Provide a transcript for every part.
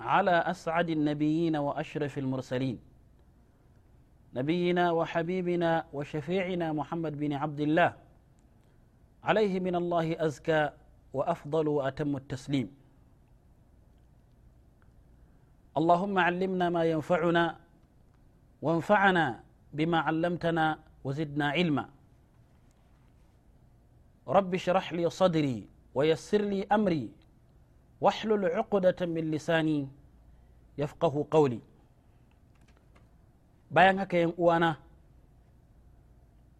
على أسعد النبيين وأشرف المرسلين نبينا وحبيبنا وشفيعنا محمد بن عبد الله عليه من الله أزكى وأفضل وأتم التسليم اللهم علمنا ما ينفعنا وانفعنا بما علمتنا وزدنا علما رب اشرح لي صدري ويسر لي أمري واحلل عقدة من لساني yafqahu qawli bayan haka yan uwana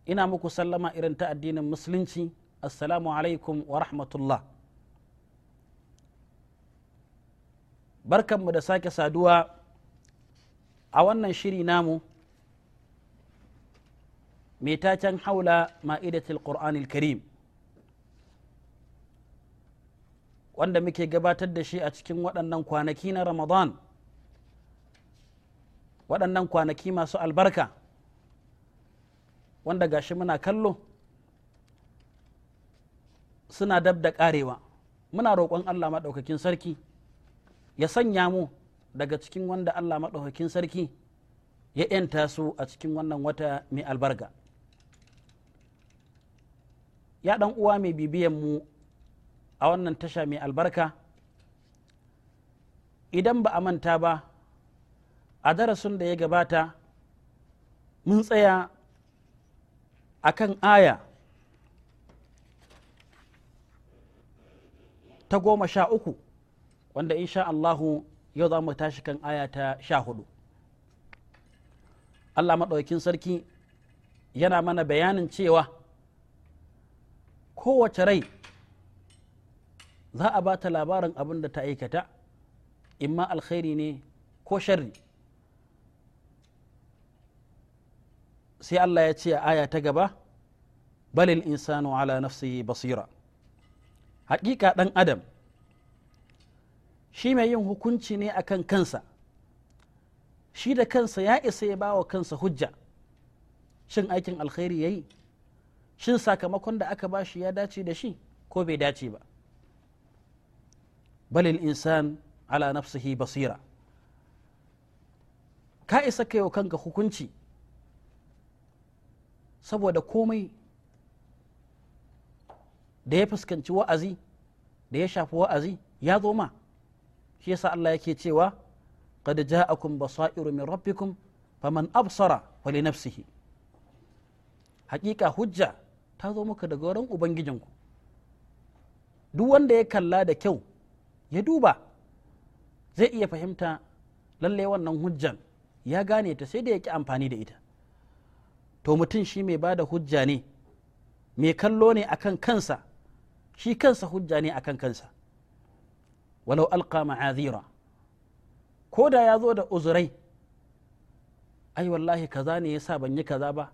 ina muku sallama irin ta addinin musulunci assalamu alaikum wa rahmatullah barkanmu da sake saduwa a wannan shiri namu mai taken haula ma'idatul qur'anil karim wanda muke gabatar da shi a cikin waɗannan kwanaki na ramadan waɗannan kwanaki masu albarka wanda gashi muna kallo suna dab da ƙarewa muna roƙon allah maɗaukakin sarki ya sanya mu daga cikin wanda allah maɗaukakin sarki ya 'yanta su a cikin wannan wata mai albarka ya ɗan uwa mai bibiyan mu a wannan tasha mai albarka idan ba a manta ba a darasin da ya gabata mun tsaya a kan aya ta goma sha uku wanda insha Allahu yau za mu tashi kan aya ta sha hudu Allah maɗaukin sarki yana mana bayanin cewa kowace rai za a bata labarin abin da ta aikata imma alkhairi ne ko sharri sai Allah ya ce a aya ta gaba balil insanu ala nafsihi basira haƙiƙa ɗan adam shi mai yin hukunci ne akan kansa shi da kansa ya isa ya ba wa kansa hujja shin aikin alkhairi ya yi shin sakamakon da aka ba shi ya dace da shi ko bai dace ba balil insan ala nafsihi basira ka isa kai wa kanka hukunci saboda komai da ya fuskanci wa'azi da ya shafi wa'azi ya zo ma shi yasa Allah yake cewa qad ja'akum basairu min rabbikum faman absara fali nafsihi hakika hujja ta zo muka daga wurin ubangijinku duk wanda ya kalla da kyau ya duba zai iya fahimta lalle wannan hujjan ya gane ta sai da ya ki amfani da ita to mutum shi mai ba da hujja ne mai kallo ne akan kansa shi kansa hujja ne akan kansa walau alka ma'azira ko da ya zo da uzurai ai wallahi kaza ne sa ban yi kaza ba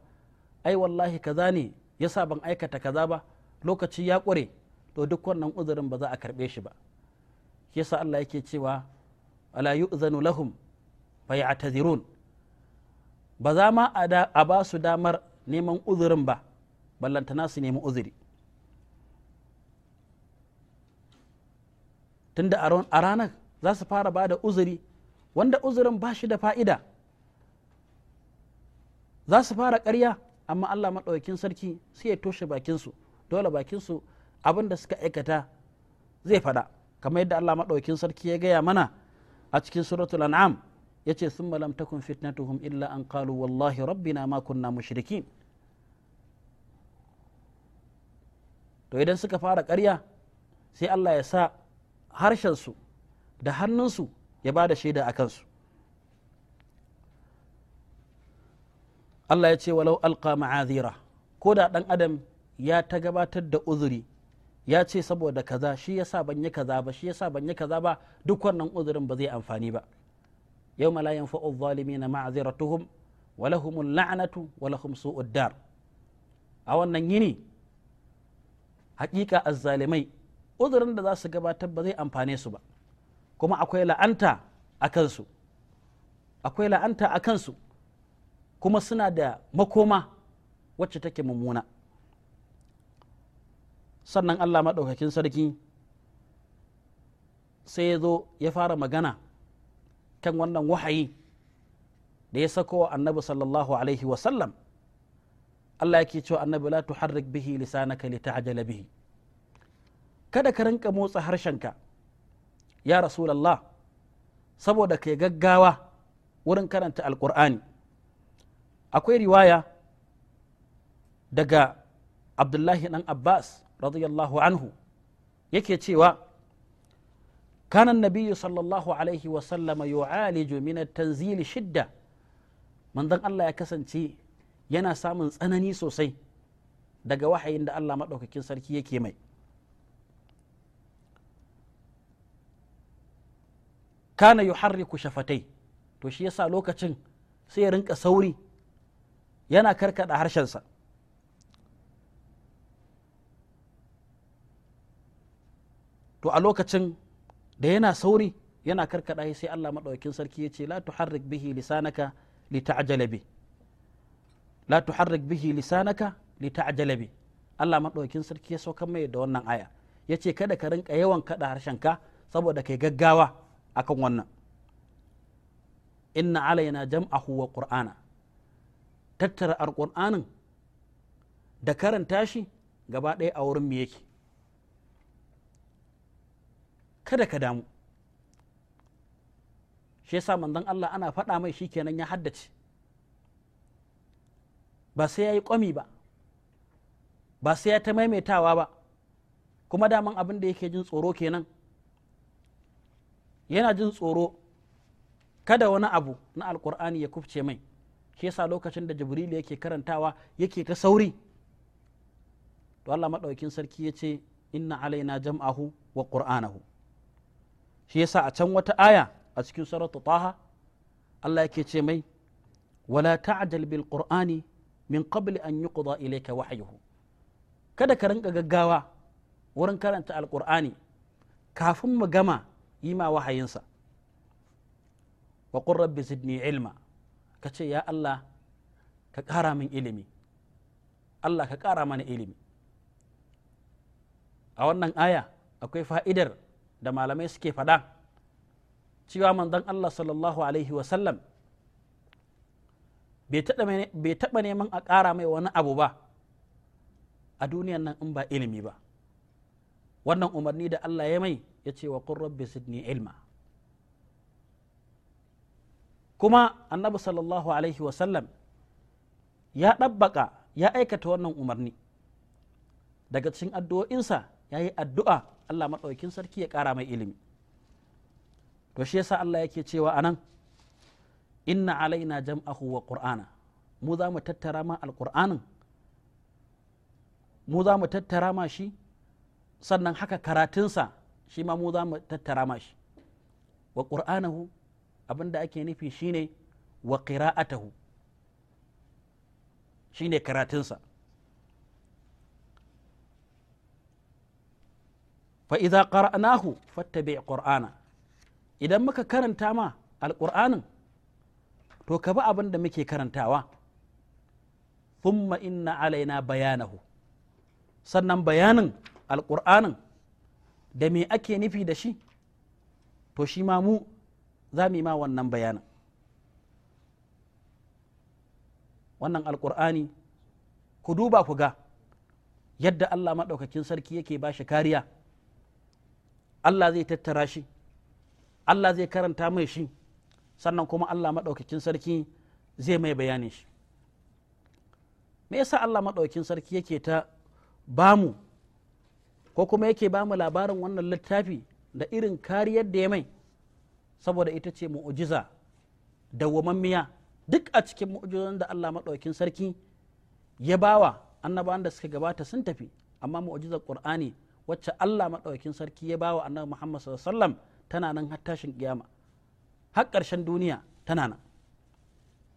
ai wallahi kaza ne yasa ban aikata kaza ba lokaci ya ƙure to duk wannan uzurin ba za a karɓe shi ba yasa Allah yake cewa ala yu'zanu lahum fa ya'tazirun ba za ma a ba su damar neman uzurin ba ballanta su nemi uzuri tunda a ranar za su fara ba da uzuri wanda uzurin ba shi da fa'ida za su fara ƙarya amma Allah maɗaukin sarki sai ya toshe bakinsu dole bakinsu abin da suka aikata zai faɗa kamar yadda Allah maɗaukin sarki ya gaya mana a cikin suratul an'am yace sun lam takun fitnatuhum illa an qalu wallahi rabbina ma kunna mushrikin to idan suka fara ƙarya sai Allah ya sa harshen su da hannunsu ya ba da shaida a kansu Allah ya ce walau alqa ma'azira ko da ɗan adam ya ta gabatar da uzuri ya ce saboda kaza shi yasa ban yi kaza ba shi yasa ban yi kaza ba duk wannan uzurin ba zai amfani ba yawma la yanfa'u adh-dhalimina ma'ziratuhum wa lahumul la'natu wa lahum su'ud dar a wannan yini hakika zalimai uzurin da za su gabatar ba zai amfane su ba kuma akwai la'anta a kansu akwai la'anta a kansu kuma suna da makoma wacce take mummuna sannan Allah maɗaukakin sarki sai ya zo ya fara magana kan wannan wahayi da ya sako wa annabi sallallahu alaihi wasallam Allah yake cewa annabi la tuharrik bihi lisanaka lita'jala bihi kada ka rinka motsa harshenka ya rasulullah saboda kai gaggawa wurin karanta alkur'ani akwai riwaya daga abdullahi dan abbas radiyallahu anhu yake cewa kanan النبي صلى الله عليه وسلم يعالج من التنزيل شدة من ذن الله يكسن yana samun tsanani sosai daga wahayin da Allah maɗaukakin sarki yake mai kana yuharriku shafatai to shi yasa lokacin sai ya rinka sauri yana karkada harshensa to a lokacin da yana sauri yana karkada sai Allah maɗaukin sarki ya ce la tuharrik bihi lisanaka lita'jala bi la tuharrik bihi lisanaka lita'jala bi Allah maɗaukin sarki ya saukar mai da wannan aya yace kada ka rinka yawan kada ka saboda kai gaggawa akan wannan inna alaina jam'ahu wa qur'ana tattara alqur'anin da karanta shi gaba ɗaya a wurin mu yake kada ka damu shi yasa manzon Allah ana faɗa mai shi kenan ya haddace ba sai ya yi ƙwami ba ba sai ya ta maimaitawa ba kuma daman abin da yake jin tsoro kenan yana jin tsoro kada wani abu na alkur'ani ya kufce mai shi yasa lokacin da jibrilu yake karantawa yake ta sauri to Allah maɗaukin sarki ya ce inna alaina jam'ahu wa qur'anahu shi yasa a can wata aya a cikin suratu taha Allah yake ce mai wala ta'jal bil qur'ani min qabli an yuqda ilayka wahyuhu kada ka rinka gaggawa wurin karanta alqur'ani kafin mu gama yi ma wahayinsa wa qur rabbi zidni ilma kace ya Allah ka kara min ilimi Allah ka ƙara mana ilimi a wannan aya akwai fa'idar da malamai suke faɗa cewa manzon Allah sallallahu alaihi wasallam bai taɓa neman a ƙara mai wani abu ba a duniyan nan in ba ilimi ba wannan umarni da Allah ya mai ya ce wa rabbi sidni ilma kuma annabi sallallahu alaihi wasallam ya ɗabbaka ya aikata wannan umarni daga cikin addu'o'insa ya yi addu'a Allah maɗaukin sarki ya ƙara mai ilimi to shi yasa Allah yake cewa anan inna alaina jam'ahu wa qur'ana mu za mu tattara ma alqur'anin mu za mu tattara ma shi sannan haka karatunsa shi ma mu za mu tattara ma shi wa qur'anahu abin da ake nufi shine wa qira'atahu shine karatunsa fa idza qara'nahu qur'ana idan muka karanta ma alqur'anin to ka bi abin da muke karantawa thumma inna alaina bayanahu sannan bayanin alqur'anin da me ake nufi da shi to shi ma mu za mu wannan bayanin wannan alkur'ani ku duba ku ga yadda allah maɗaukakin sarki yake ba shi kariya Allah zai tattara shi Allah zai karanta mai shi sannan kuma Allah maɗaukakin sarki zai mai bayanin shi me yasa Allah maɗaukakin sarki yake ta bamu ko kuma yake bamu labarin wannan littafi da irin kariyar da ya mai saboda ita ce mu'ujiza dawwamammiya duk a cikin mu'ujizan da Allah maɗaukin sarki ya bawa annabawan da suka gabata sun tafi amma mu'ujizar Qur'ani wacce Allah maɗaukin sarki ya bawa annabi Muhammad sallallahu alaihi wasallam tana nan har tashin kiyama har ƙarshen duniya tana nan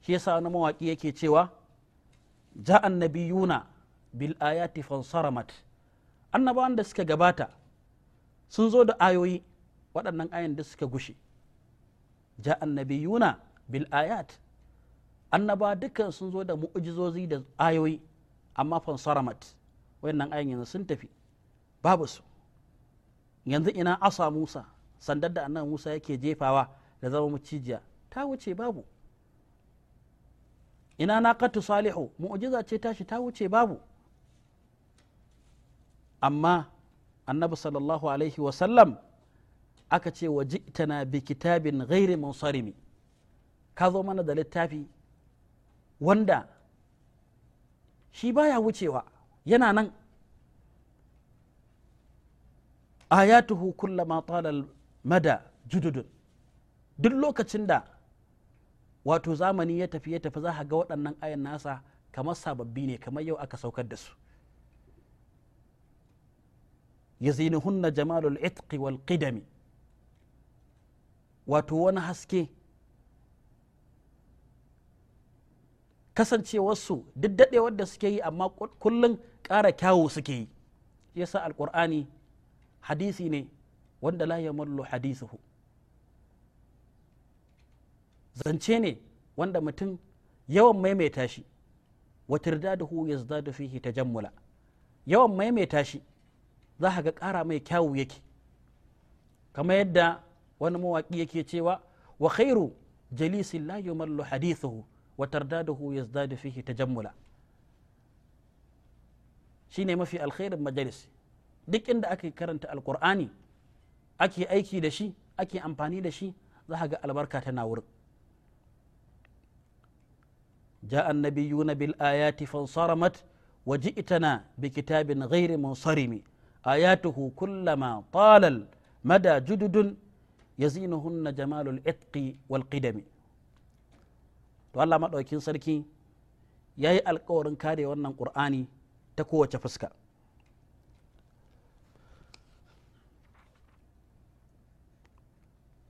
shi yasa na mawaƙi yake cewa ja annabiyuna bil ayati fansaramat annabawan da suka gabata sun zo da ayoyi waɗannan ayan da suka gushe ja annabiyuna bil ayat annaba dukkan sun zo da mu'ujizozi da ayoyi amma fansaramat wayannan ayan yanzu sun tafi babu su yanzu ina asa musa sandar da annan musa yake jefawa da zama macijiya ta wuce babu ina naqatu salihu mu'jiza ce tashi ta wuce babu amma annabi sallallahu alaihi wasallam aka ce wa ji'tana bi kitabin ghairi munsarimi ka zo mana da littafi wanda shi baya wucewa yana nan ayatuhu kullama talal mada jududun duk lokacin da wato zamani ya tafi ya tafi za ga waɗannan ayan nasa kamar sababbi ne kamar yau aka saukar da su yazinihunna jamalul itqi wal qidami wato wani haske kasancewarsu duk daɗewar da suke yi amma kullum ƙara kyawu suke yi yasa alƙur'ani hadisi ne wanda la yamallu hadisuhu zance ne wanda mutum yawan maimaita shi wa yazdadu fihi tajammula yawan maimaita shi za ka ga ƙara mai kyawu yake kamar yadda wani mawaƙi yake cewa wa khairu jalisin la yumallu hadithuhu wa yazdadu fihi tajammula shine mafi alkhairin majalis duk inda aka karanta alkur'ani ake aiki dashi ake amfani da shi za ga albarka tana wurin ja'an nabi na bil ayati fansaramat wa ji'tana bi kitabin ghairi munsarimi ayatuhu kullama talal mada jududun hunna jamalul itqi wal qidami to Allah madaukin sarki yayi alƙawarin kare wannan ƙur'ani ta kowace fuska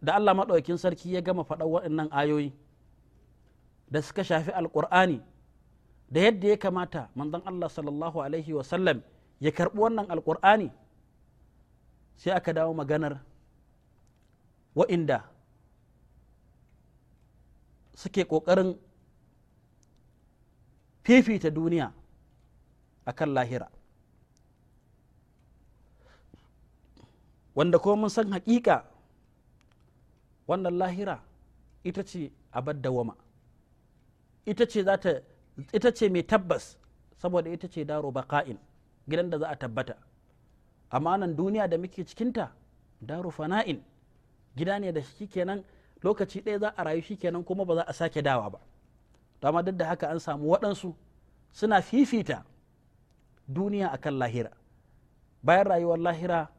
da Allah maɗaukin sarki ya gama faɗa waɗannan ayoyi da suka shafi alƙur'ani da yadda ya kamata manzon Allah sallallahu alaihi wasallam ya karɓi wannan alƙur'ani sai aka dawo maganar wa'inda suke ƙoƙarin fifita duniya akan lahira wanda kuma mun san haƙiƙa wannan lahira ita ce abar dawama ita ce ita ce mai tabbas saboda ita ce daro baka'in gidan da za a tabbata amma nan duniya da muke cikinta daro fana'in gida ne da shi kenan lokaci ɗaya za a rayu shi kenan kuma ba za a sake dawa ba amma duk da haka an samu waɗansu suna fifita duniya akan lahira bayan rayuwar lahira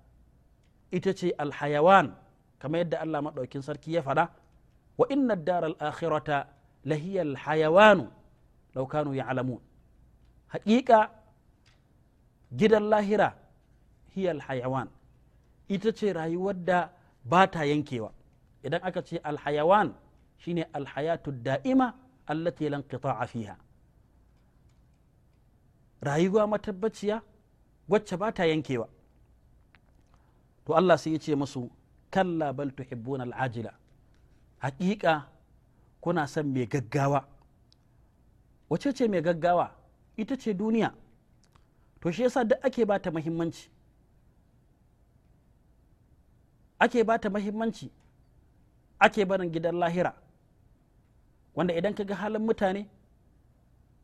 ita ce alhayawan kamar yadda Allah maɗaukin sarki ya faɗa wa inna daral akhirata lahiyal hayawanu law kanu ya'lamun haƙiƙa gidan lahira hiyal hayawan ita ce rayuwar da ba ta yankewa idan aka ce alhayawan shine alhayatu da'ima allati lan qita'a fiha rayuwa matabbaciya wacce ba ta yankewa to Allah sai ya ce musu kalla bal tuhibbuna al'ajila haƙiƙa kuna son mai gaggawa wace ce mai gaggawa ita ce duniya to shi yasa duk ake bata mahimmanci ake bata mahimmanci ake barin gidan lahira wanda idan ka ga halin mutane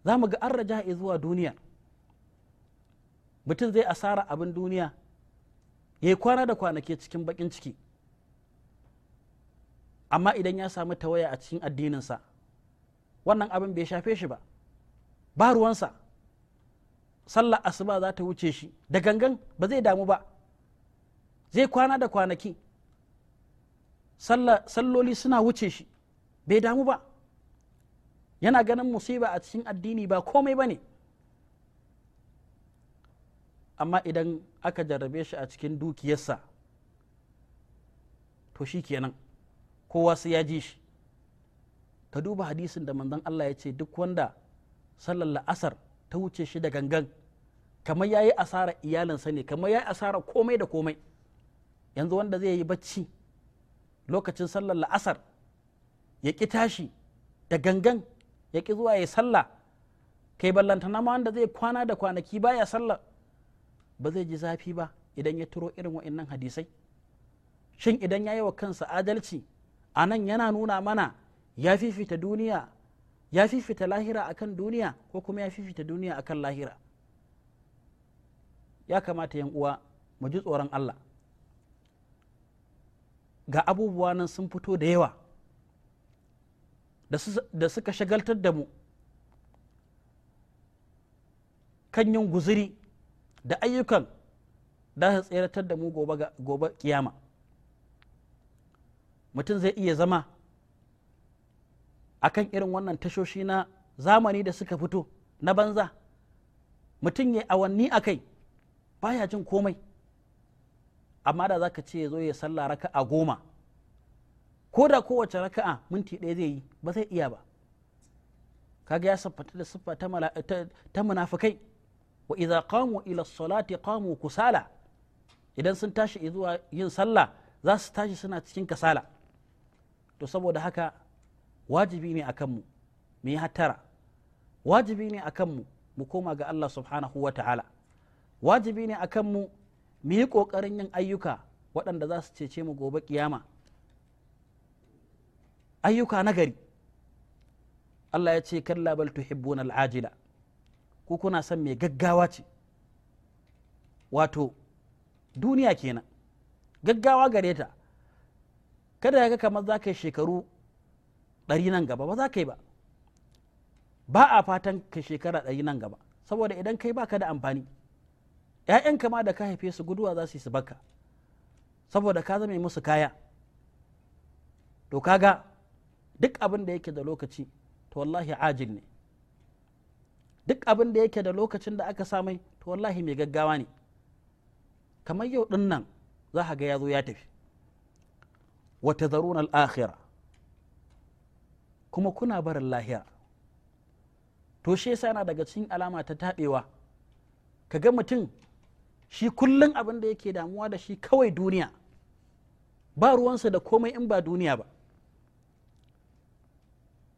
za mu ga an raja zuwa duniya mutum zai asara abin duniya ya kwana da kwanake cikin bakin ciki amma idan ya samu tawaya a cikin addininsa wannan abin bai shafe shi ba ba ruwansa sallah asuba za ta wuce shi da gangan ba zai damu ba zai kwana da kwanaki salloli suna wuce shi bai damu ba yana ganin musiba a cikin addini ba komai ba ne amma idan aka jarrabe shi a cikin dukiyarsa to shi kenan kowa sai ya ji shi ka duba hadisin da manzon Allah ya ce duk wanda sallar la'asar ta wuce shi da gangan kamar ya yi asara iyalinsa ne kamar ya yi asara komai da komai yanzu wanda zai yi bacci lokacin sallar la'asar ya ƙi tashi da gangan ya ƙi zuwa ya salla. kai ballanta na wanda zai kwana da kwanaki ba ya sallar ba zai ji zafi ba idan ya turo irin wa'annan hadisai shin idan ya yi wa kansa adalci a nan yana nuna mana ya fifita duniya ya fifita lahira akan duniya ko kuma ya fifita duniya akan lahira ya kamata yan uwa mu ji tsoron Allah ga abubuwa nan sun fito da yawa da suka shagaltar da mu kan yin guziri da ayyukan da su tseratar da mu gobe kiyama mutum zai iya zama a kan irin wannan tashoshi na zamani da suka fito na banza mutum ya awanni a kai baya jin komai amma da za ka ce ya zo ya sallah raka'a goma ko da kowace raka'a minti ɗaya zai yi ba zai iya ba kaga ya siffata da siffa ta munafikai wa idza qamu ila salati qamu kusala idan sun tashi zuwa yin sallah za su tashi suna cikin kasala to saboda haka wajibi ne akan mu mu yi hattara wajibi ne akan mu mu koma ga Allah subhanahu wa ta'ala wajibi ne akan mu mu yi ƙoƙarin yin ayyuka waɗanda za su cece mu gobe kiyama ayyuka na gari. Allah ya ce kalla bal tuhibbuna al'ajila ku kuna son mai gaggawa ce wato duniya kenan gaggawa gare ta kada ya ga kamar za ka yi shekaru ɗari nan gaba ba za ka yi ba ba a fatan ka shekara ɗari nan gaba saboda idan kai baka da amfani ‘ya'yan kama da ka haife su guduwa za su yi su baka saboda ka zama musu kaya to kaga duk abin da yake da lokaci to wallahi ajin ne duk abin da yake da lokacin da aka samai to wallahi mai gaggawa ne kamar yau ɗin nan za ga ya zo ya tafi Wata tadharuna al kuma kuna barin lahiya. to shi yasa yana daga cikin alama ta taɓewa ga mutum shi kullum abin da yake damuwa da shi kawai duniya ba ruwansa da komai in ba duniya ba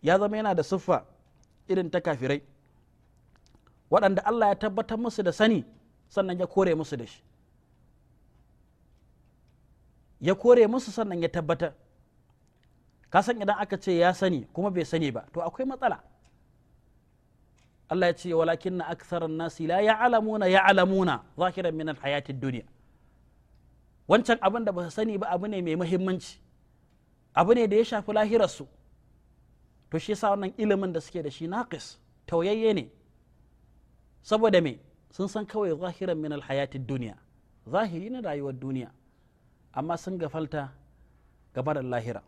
ya zama yana da siffa irin ta kafirai waɗanda Allah ya tabbatar musu da sani sannan ya kore musu da shi ya kore musu sannan ya tabbatar ka san idan aka ce ya sani kuma bai sani ba to akwai matsala Allah ya ce walakin na aksarar nasi la ya'lamuna ya'lamuna zahiran min alhayatid duniya. wancan abin da ba su sani ba abu ne mai muhimmanci abu ne da ya shafi lahirarsu to shi yasa wannan ilimin da suke da shi naqis tauyayye ne saboda me sun san kawai zahiran min alhayatid duniya. zahiri na rayuwar duniya amma sun gafalta gaba da lahira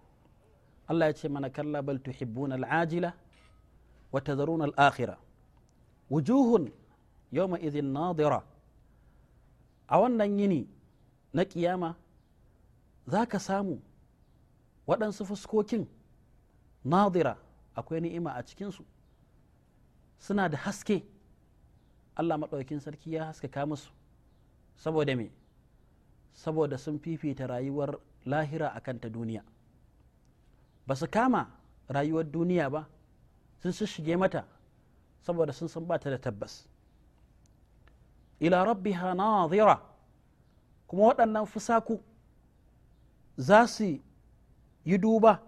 Allah ya ce mana kalla bal tuhibbuna al'ajila wa tadharuna al-akhira wujuhun yawma idhin nadira a wannan yini na kiyama za ka samu waɗansu fuskokin nadira akwai ni'ima a cikinsu suna da haske Allah maɗaukin sarki ya haskaka musu saboda me saboda sun fifita rayuwar lahira a kanta duniya ba su kama rayuwar duniya ba sun shige mata saboda sun san bata da tabbas ila rabbiha nazira kuma waɗannan fusaku za su yi duba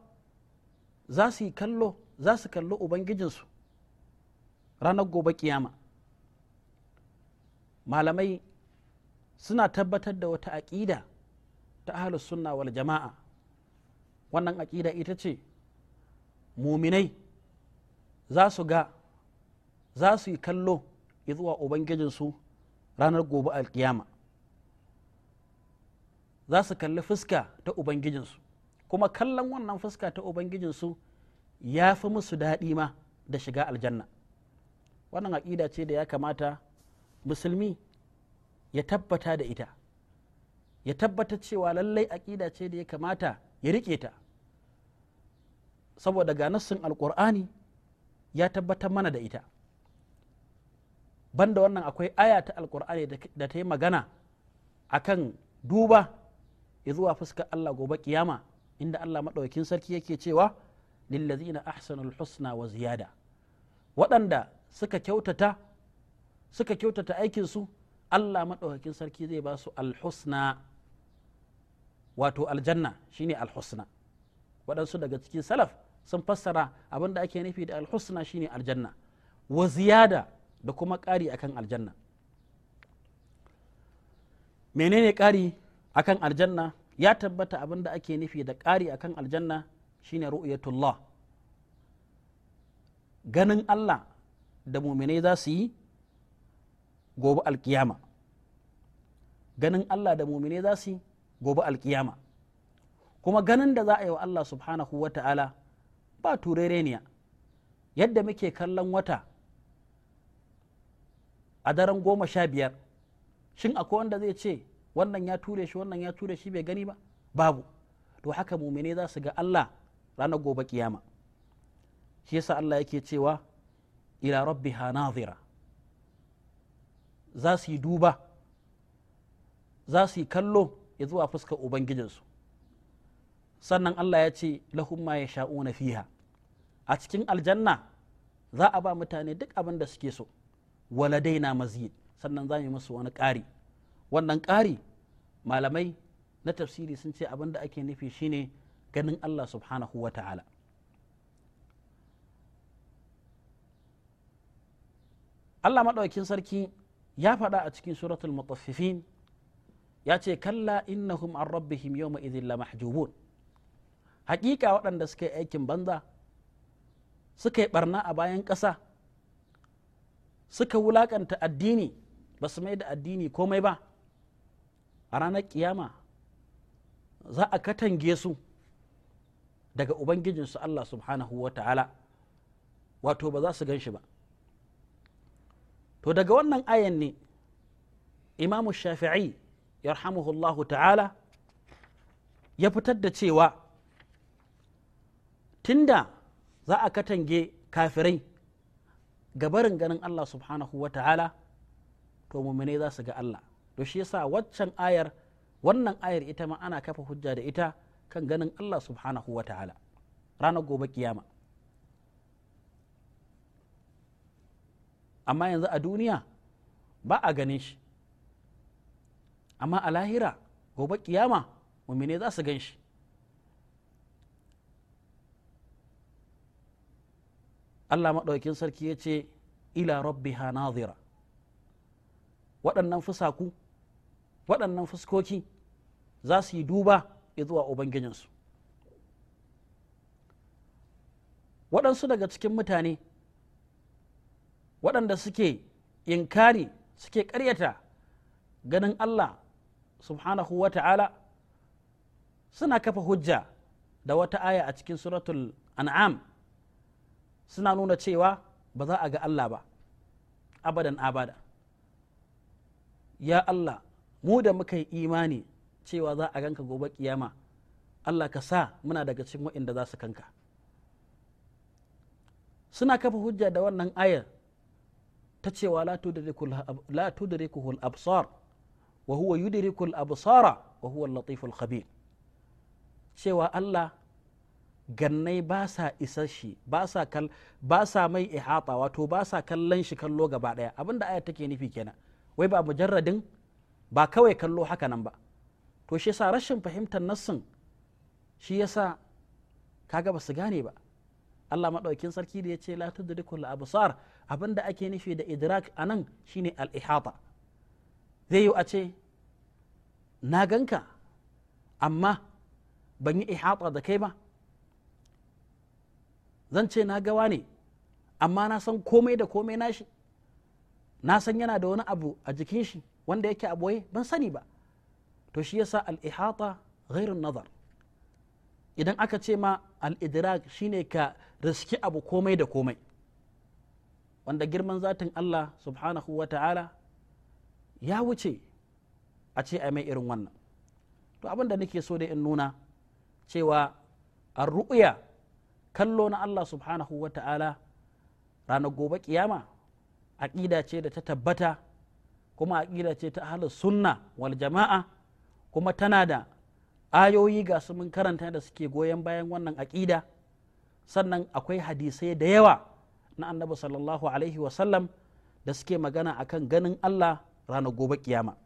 za su yi kallo za su kallo ubangijinsu ranar gobe kiyama malamai suna tabbatar da wata aƙida ta ahalus sunna wal jama'a wannan aƙida ita ce muminai za su ga za su yi kallo zuwa ubangijinsu ranar gobe alkiyama za su kalli fuska ta ubangijinsu kuma kallon wannan fuska ta ubangijinsu ya fi musu daɗi ma da shiga aljanna wannan aƙida ce da ya kamata musulmi ya tabbata da ita ya tabbata cewa lallai aƙida ce da ya kamata ya riƙe ta saboda ga nassin alƙur'ani ya tabbatar mana da ita banda wannan akwai aya ta alƙur'ani da ta yi magana a kan duba ya zuwa fuskar Allah gobe kiyama inda Allah maɗaukin sarki yake cewa lillazina ahsanul husna wa ziyada waɗanda suka kyautata suka kyautata aikinsu Allah maɗaukakin sarki zai ba su alhusna wato aljanna shine alhusna waɗansu daga cikin salaf sun fassara abin da ake nufi da alhusna shine aljanna wa ziyada da kuma ƙari akan aljanna menene ƙari akan aljanna ya tabbata abin da ake nufi da ƙari akan aljanna shine ru'yatullah ganin Allah da muminai za su yi gobe alkiyama ganin Allah da mumine za su yi gobe alkiyama kuma ganin da za a yi wa Allah subhanahu wa ta'ala ba turereniya yadda muke kallon wata a daren goma sha biyar shin akwai wanda zai ce wannan ya ture shi wannan ya ture shi bai gani ba babu to haka mumine za su ga Allah ranar gobe kiyama shi yasa Allah yake cewa ila rabbiha nazira za su yi duba za su yi kallo ya zuwa fuskar ubangijinsu sannan Allah ya ce lahum ma na fiha a cikin aljanna za a ba mutane duk abin da suke so na mazid sannan za mu musu wani ƙari wannan ƙari malamai na tafsiri sun ce abin da ake nufi shine ganin Allah subhanahu wa ta'ala Allah maɗaukin sarki ya faɗa a cikin suratul mutaffifin ya ce kalla innahum an rabbihim yawma idhin la mahjubun hakika waɗanda suka yi aikin banza suka yi barna a bayan ƙasa suka wulakanta addini ba su mai da addini komai ba a ranar kiyama za a katange su daga ubangijinsu Allah subhanahu wa ta'ala wato ba za su gan shi ba to daga wannan ayan ne imamu shafi'i yarhamuhullahu ta'ala ya fitar da cewa tunda za a katange kafirai gabarin ganin Allah subhanahu wa ta'ala to muminai za su ga Allah to shi yasa waccan ayar wannan ayar ita ma ana kafa hujja da ita kan ganin Allah subhanahu wa ta'ala ranar gobe kiyama amma yanzu a duniya ba a ganin shi amma a lahira gobe kiyama mumine za su gan shi Allah maɗaukin sarki ya ce ila rabbiha nazira waɗannan fusaku waɗannan fuskoki za su yi duba zuwa ubangijinsu waɗansu daga cikin mutane waɗanda suke inkari suke ƙaryata ganin Allah subhanahu wa ta'ala suna kafa hujja da wata aya a cikin suratul an'am suna nuna cewa ba za a ga Allah ba abadan abada ya Allah mu da muka yi imani cewa za a ganka gobe kiyama Allah ka sa muna daga cikin waɗanda za su kanka suna kafa hujja da wannan ayar ta cewa la tudrikuhu al-absar wa huwa yudriku al-absara wa huwa al-latif al-khabir cewa Allah gannai ba sa isar shi ba sa kal ba sa mai ihata wato ba sa kallon shi kallo gaba daya abinda aya take nufi kenan wai ba mujarradin ba kawai kallo haka nan ba to shi yasa rashin fahimtar nassin shi yasa kaga ba su gane ba Allah madaukin sarki da ya ce la tudrikul absar abin da ake nufi da idrak a nan shine al al’ihata zai yi a ce na ganka amma ban yi ihata da kai ba zan ce na gawa ne amma na san komai da komai nashi na san yana da wani abu a jikin shi wanda yake a boye ban sani ba to shi yasa al-ihata ghairun nazar idan aka ce ma al-idrak shine ka riski abu komai da komai wanda girman zatin Allah subhanahu wa ta'ala ya wuce a ce mai irin wannan to abin da nake so da in nuna cewa a ru'uya kallo na Allah subhanahu wa ta'ala ranar gobe kiyama aƙida ce da ta tabbata kuma aƙida ce ta ahalar sunna wal jama'a kuma tana da ayoyi ga su mun karanta da suke goyon bayan wannan aƙida sannan akwai hadisai da yawa na annabi sallallahu alaihi wasallam da suke magana akan ganin Allah ranar gobe kiyama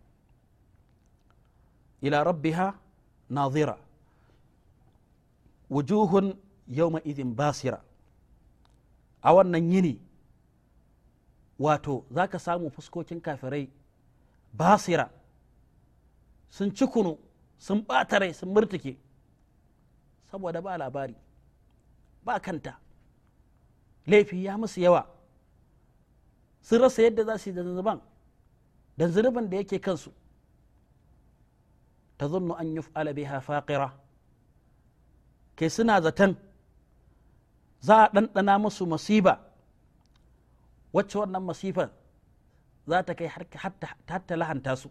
ila rabbiha nazira wujuhun yawma idin basira a wannan yini wato za ka samu fuskokin kafirai basira sun ci kunu sun ɓata rai sun murtuke saboda ba labari ba kanta laifi ya musu yawa sun rasa yadda za su yi da zunuban da zunubin da yake kansu ta zunnu an yuf'ala biha faqira ke suna zaton za a ɗanɗana musu masiba wacce wannan masifar za ta kai har ta lahanta su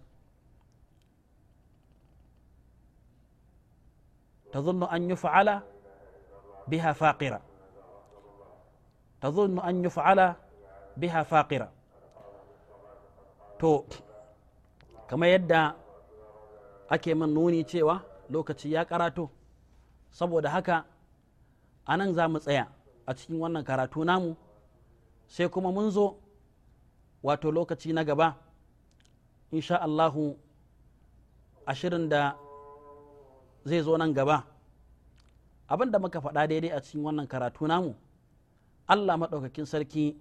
ta zunnu an yuf'ala biha faqira an أن يفعل biha faƙira. to kamar yadda ake min nuni cewa lokaci ya karatu saboda haka anan nan za mu tsaya a cikin wannan karatu namu sai kuma mun zo wato lokaci na gaba inshaAllahu ashirin da zai zo nan gaba Abinda muka faɗa daidai a cikin wannan karatu namu allah maɗaukakin sarki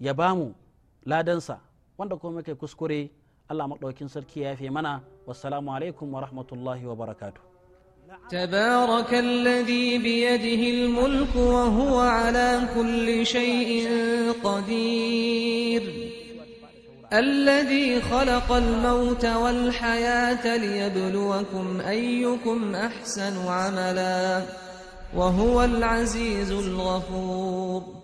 ya ba mu ladansa wanda kuma muke kuskure allah maɗaukakin sarki ya fi mana wassalamu alaikum wa rahmatullahi wa barakatu تبارك الذي بيده الملك وهو على كل شيء قدير الذي خلق الموت والحياة ليبلوكم أيكم أحسن عملاً وهو العزيز الغفور